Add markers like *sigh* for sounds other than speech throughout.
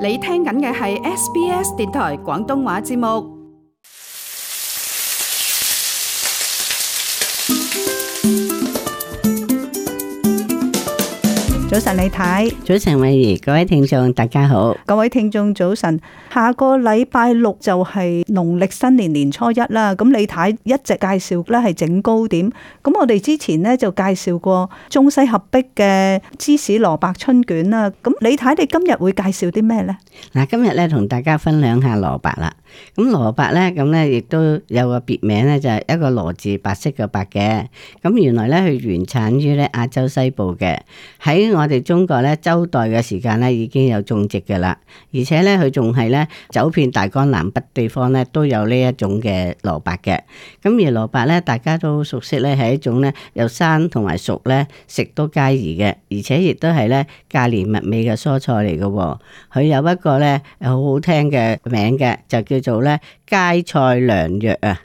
你聽緊嘅係 SBS 電台廣東話節目。早晨，李太。早晨，美儀，各位聽眾，大家好。各位聽眾，早晨。下個禮拜六就係農曆新年年初一啦。咁李太一直介紹咧係整糕點。咁我哋之前咧就介紹過中西合璧嘅芝士蘿蔔春卷啦。咁李太你今日會介紹啲咩咧？嗱，今日咧同大家分享下蘿蔔啦。咁蘿蔔咧，咁咧亦都有個別名咧，就係一個羅字，白色嘅白嘅。咁原來咧佢原產於咧亞洲西部嘅，喺我。我哋中國咧周代嘅時間咧已經有種植㗎喇，而且咧佢仲係咧走遍大江南北地方咧都有呢一種嘅蘿蔔嘅。咁而蘿蔔咧大家都熟悉咧係一種咧又生同埋熟咧食都皆宜嘅，而且亦都係咧價廉物美嘅蔬菜嚟嘅喎。佢有一個咧好好聽嘅名嘅，就叫做咧佳菜良藥啊！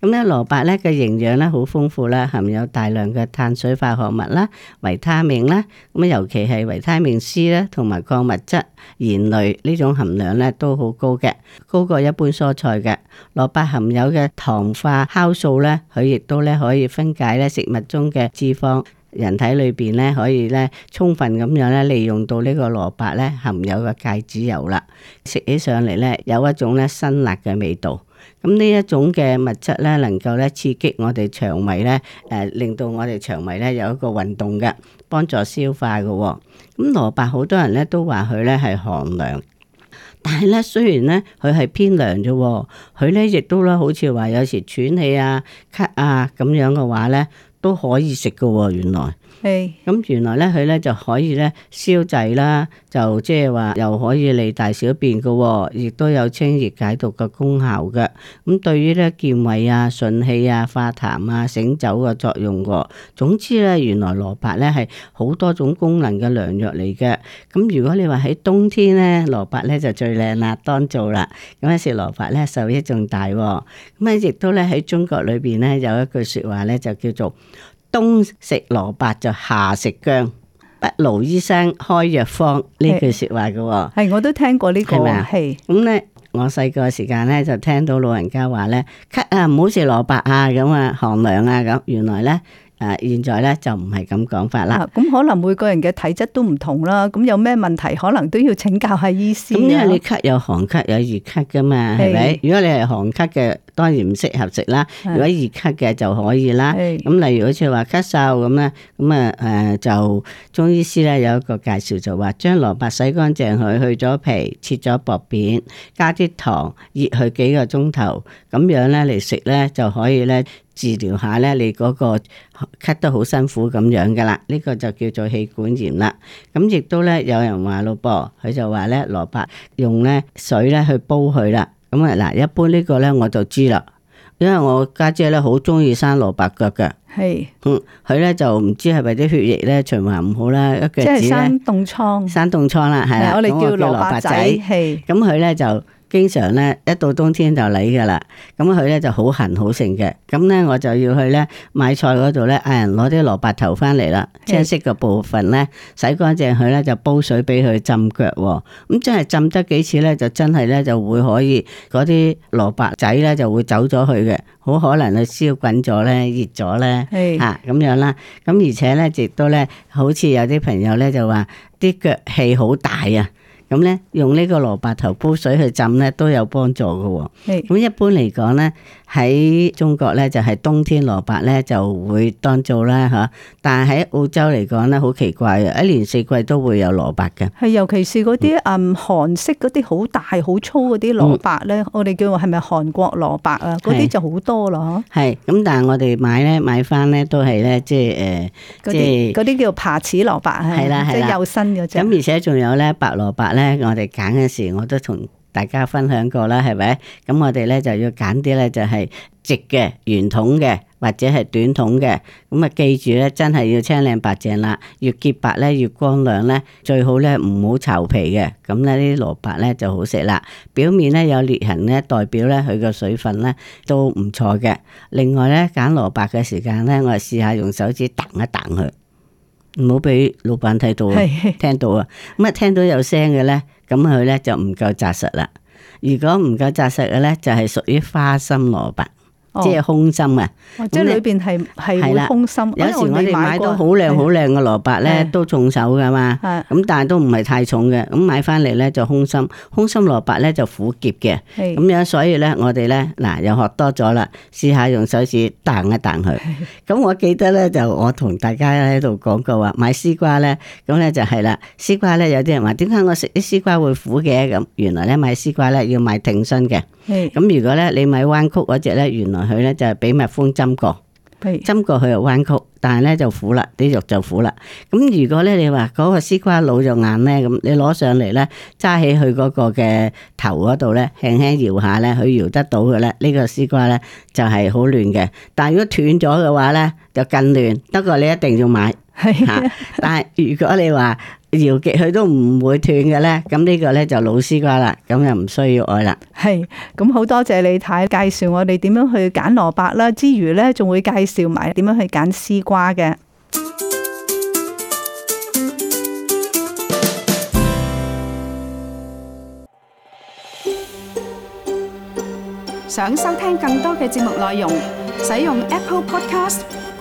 咁咧，蘿蔔咧嘅營養咧好豐富啦，含有大量嘅碳水化，化合物啦、維他命啦，咁尤其係維他命 C 啦，同埋礦物質、鹽類呢種含量咧都好高嘅，高過一般蔬菜嘅。蘿蔔含有嘅糖化酵素咧，佢亦都咧可以分解咧食物中嘅脂肪，人體裏邊咧可以咧充分咁樣咧利用到呢個蘿蔔咧含有嘅芥子油啦，食起上嚟咧有一種咧辛辣嘅味道。咁呢一種嘅物質咧，能夠咧刺激我哋腸胃咧，誒、呃，令到我哋腸胃咧有一個運動嘅，幫助消化嘅、哦。咁蘿蔔好多人咧都話佢咧係寒涼，但係咧雖然咧佢係偏涼啫、哦，佢咧亦都咧好似話有時喘氣啊、咳啊咁樣嘅話咧都可以食嘅、哦。原來。咁原來咧，佢咧就可以咧消滯啦，就即係話又可以利大小便嘅，亦都有清熱解毒嘅功效嘅。咁對於咧健胃啊、順氣啊、化痰啊、醒酒嘅作用嘅。總之咧，原來蘿蔔咧係好多種功能嘅良藥嚟嘅。咁如果你話喺冬天咧，蘿蔔咧就最靚啦，當造啦。咁食蘿蔔咧，受益仲大喎。咁咧亦都咧喺中國裏邊咧有一句説話咧，就叫做。冬食蘿蔔就夏食薑，不勞醫生開藥方呢是句話說話嘅喎，係我都聽過呢、這、句個。係咁咧，我細個時間咧就聽到老人家話咧，咳啊唔好食蘿蔔啊，咁啊寒涼啊咁。原來咧誒、啊，現在咧就唔係咁講法啦。咁、啊、可能每個人嘅體質都唔同啦。咁有咩問題，可能都要請教下醫師。咁因、啊、為你咳有寒咳有熱咳噶嘛，係咪？如果你係寒咳嘅。當然唔適合食啦。如果熱咳嘅就可以啦。咁例如好似話咳嗽咁咧，咁啊誒就中醫師咧有一個介紹就話，將蘿蔔洗乾淨佢，去咗皮，切咗薄片，加啲糖，熱佢幾個鐘頭，咁樣咧嚟食咧就可以咧治療下咧你嗰個咳得好辛苦咁樣嘅啦。呢個就叫做氣管炎啦。咁亦都咧有人話咯噃，佢就話咧蘿蔔用咧水咧去煲佢啦。咁啊嗱，一般呢個咧我就知啦，因為我家姐咧好中意生蘿蔔腳嘅，係是，嗯，佢咧就唔知係咪啲血液咧循環唔好啦，一腳趾咧，即係生凍瘡，生凍瘡啦，係啦，的我哋叫蘿蔔仔，係的，咁佢咧就。經常咧一到冬天就嚟噶啦，咁佢咧就好痕好盛嘅，咁咧我就要去咧買菜嗰度咧嗌人攞啲蘿蔔頭翻嚟啦，青是色嘅部分咧洗乾淨佢咧就煲水俾佢浸腳。哦，咁、嗯、真係浸得幾次咧就真係咧就會可以嗰啲蘿蔔仔咧就會走咗去嘅是、啊，好可能佢燒滾咗咧熱咗咧嚇咁樣啦，咁而且咧亦都咧好似有啲朋友咧就話啲腳氣好大啊。咁咧，用呢個蘿蔔頭煲水去浸咧，都有幫助嘅。咁是一般嚟講咧。喺中國咧就係冬天蘿蔔咧就會當做啦嚇，但係喺澳洲嚟講咧好奇怪啊，一年四季都會有蘿蔔嘅。係，尤其是嗰啲嗯韓式嗰啲好大好粗嗰啲蘿蔔咧，嗯、我哋叫係咪韓國蘿蔔啊？嗰啲就好多啦嚇。咁但係我哋買咧買翻咧都係咧即係誒，即係嗰啲叫扒齒蘿蔔係啦係啦，的幼身嘅啫。咁而且仲有咧白蘿蔔咧，我哋揀嘅時我都同大家分享過啦，係咪？咁我哋呢就要揀啲呢就係直嘅圓筒嘅，或者係短筒嘅。咁啊，記住呢，真係要青靚白淨啦，越潔白呢，越光亮呢，最好呢唔好巢皮嘅。咁呢啲蘿蔔呢就好食啦。表面呢有裂痕呢，代表呢佢個水分呢都唔錯嘅。另外呢，揀蘿蔔嘅時間呢，我哋試下用手指彈一彈佢。唔好俾老闆睇到啊， *laughs* 聽到啊，咁一聽到有聲嘅呢，咁佢咧就唔夠扎實啦。如果唔夠扎實嘅呢，就係屬於花心蘿蔔。即係空心啊，哦！即係裏邊係係空心。有時的我哋買到好靚好靚嘅蘿蔔咧，的都重手噶嘛。咁但係都唔係太重嘅。咁買翻嚟咧就空心，空心蘿蔔咧就苦澀嘅。咁的樣，所以咧，我哋咧嗱又學多咗啦，試下用手指彈一彈佢。咁的我記得咧就我同大家喺度講過話，買絲瓜咧，咁咧就係啦。絲瓜咧有啲人話點解我食啲絲瓜會苦嘅？咁原來咧買絲瓜咧要買挺身嘅。咁如果咧你買彎曲嗰隻咧，原來。佢咧就係俾、是、蜜蜂針過，針是過佢又彎曲，但係咧就苦啦，啲肉就苦啦。咁如果咧你話嗰個絲瓜老咗硬咧，咁你攞上嚟咧，揸起佢嗰個嘅頭嗰度咧，輕輕搖下咧，佢搖得到嘅咧，呢、這個絲瓜咧就係好嫩嘅。但係如果斷咗嘅話咧，就更嫩。不過你一定要買。係，但係如果你話搖極佢都唔會斷嘅咧，咁呢個咧就老絲瓜啦，咁又唔需要愛啦。係，咁好多謝李太介紹我哋點樣去揀蘿蔔啦，之餘咧仲會介紹埋點樣去揀絲瓜嘅。想收聽更多嘅節目內容，使用 Apple Podcast。